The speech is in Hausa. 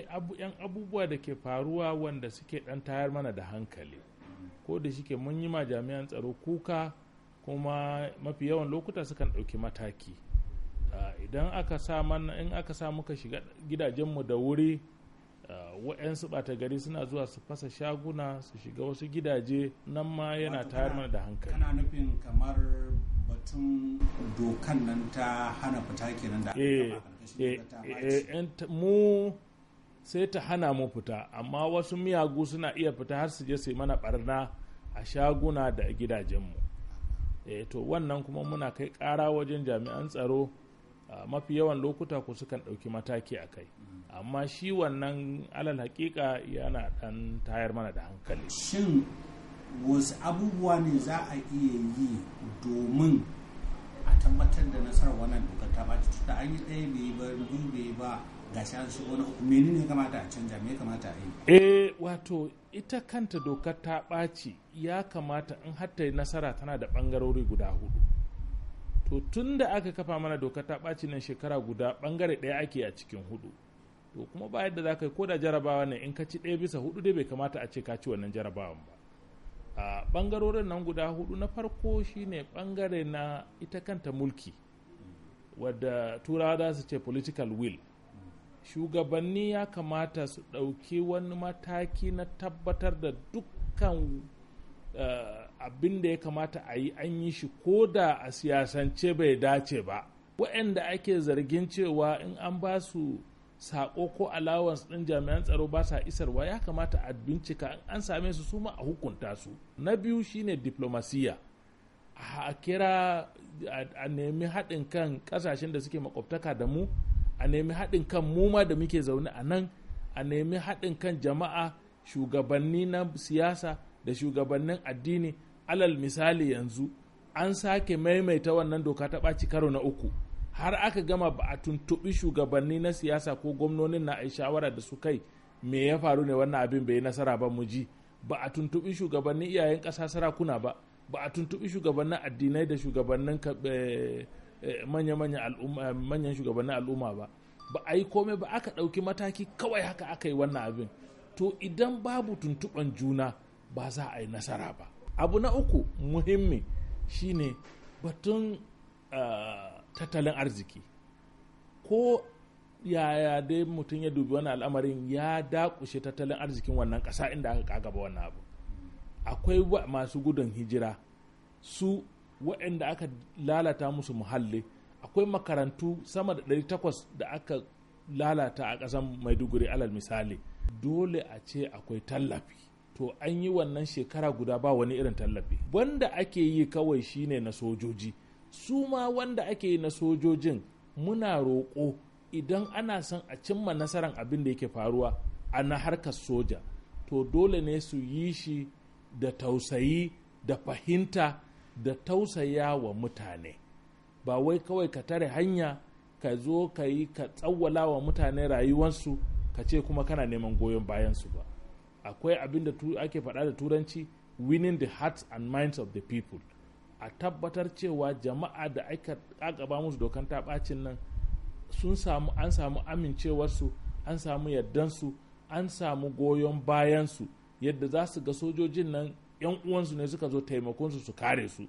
akwai abu yan abubuwa da ke faruwa wanda suke dan tayar mana da hankali ko da shike mun yi ma jami'an tsaro kuka kuma mafi yawan lokuta sukan ɗauki mataki idan aka sa mana in aka sa muka shiga gidajenmu da wuri wa'yansu bata gari suna zuwa su fasa shaguna su shiga wasu gidaje nan ma yana tayar mana da hankali kana nufin kamar batun dokan nan ta hana fita kenan da eh, eh, eh, mu sai ta hana mu fita amma wasu miyagu suna iya fita har su je su mana barna a shaguna da gidajenmu e, to wannan kuma muna kai ƙara wajen jami'an tsaro mafi yawan lokuta ku sukan ɗauki mataki a kai amma shi wannan alal hakika yana ɗan tayar mana da hankali shin wasu abubuwa ne za a iya yi domin a tabbatar da nasarar wannan dokar ta ba ta an yi ɗaya bai ba biyu bai ba gashi an shigo na menene ya kamata a canja me ya kamata a yi eh wato ita kanta dokar ta ɓaci ya kamata in hatta nasara tana da ɓangarori guda hudu to tun da aka kafa mana dokar ta ɓaci nan shekara guda ɓangare ɗaya ake a cikin hudu to kuma ba yadda za ka yi ko da jarabawa ne in ka ci ɗaya bisa hudu dai bai kamata a ce ka ci wannan jarabawan ba a ɓangarorin nan guda hudu na farko shine ɓangare na ita kanta mulki wadda turawa za su ce political will shugabanni ya kamata su ɗauki wani mataki na tabbatar da dukkan uh, abin da ya kamata a yi an yi shi ko da a siyasance bai dace ba waɗanda ake zargin cewa in an ba su sako ko allowance ɗin jami'an tsaro ba sa isarwa ya kamata a bincika an same su suma a hukunta su na biyu shine diplomasiya a kira a nemi haɗin kan ƙasashen da suke makwabtaka da mu a nemi haɗin kan muma da muke zaune a nan a nemi haɗin kan jama'a shugabanni na siyasa da shugabannin addini alal misali yanzu an sake maimaita wannan doka ta ɓaci karo na uku har aka gama ba a tuntuɓi shugabanni na siyasa ko gwamnonin na a shawara da su kai me ya faru ne wannan abin bai nasara ba mu ji ba a tuntuɓi shugabannin iyayen ƙasa sarakuna ba ba a tuntuɓi shugabannin addinai da shugabannin eh, eh, manya-manyan eh, al'umma ba ba a yi komai ba aka ɗauki mataki kawai haka aka yi wannan abin to idan babu tuntuɓan juna ba za a yi nasara ba abu na uku muhimmi shine batun uh, tattalin arziki ko yaya dai mutum ya dubi wani al'amarin ya dakushe tattalin arzikin wannan ƙasa inda aka kagaba wannan abu akwai masu gudun hijira su waɗanda aka lalata musu muhalli akwai makarantu sama da 800 da aka lalata a ƙasar maiduguri alal misali dole a ce akwai tallafi to an yi wannan shekara guda ba wani irin tallafi wanda ake yi kawai shine na sojoji su ma wanda ake yi na sojojin muna roƙo idan ana son a cimma nasarar abin da yake faruwa a na harkar soja to dole ne su yi shi da tausayi da fahimta da tausaya wa mutane ba wai kawai ka tare hanya ka zo ka yi ka tsawwala wa mutane rayuwarsu ka ce kuma kana neman goyon bayansu ba akwai abin da ake faɗa da turanci winning the hearts and minds of the people a tabbatar cewa jama'a da aka kakaba musu dokan ta bacin nan sun samu an samu amincewarsu an samu yardansu an samu goyon bayansu yadda za su ga sojojin nan yan uwansu ne suka zo taimakonsu su kare su